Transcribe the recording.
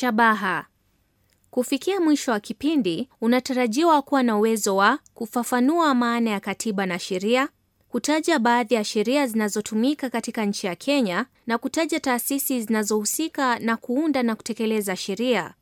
shabaha. Kufikia mwisho wa kipindi, unatarajiwa kuwa na uwezo wa kufafanua maana ya katiba na sheria, kutaja baadhi ya sheria zinazotumika katika nchi ya Kenya na kutaja taasisi zinazohusika na kuunda na kutekeleza sheria.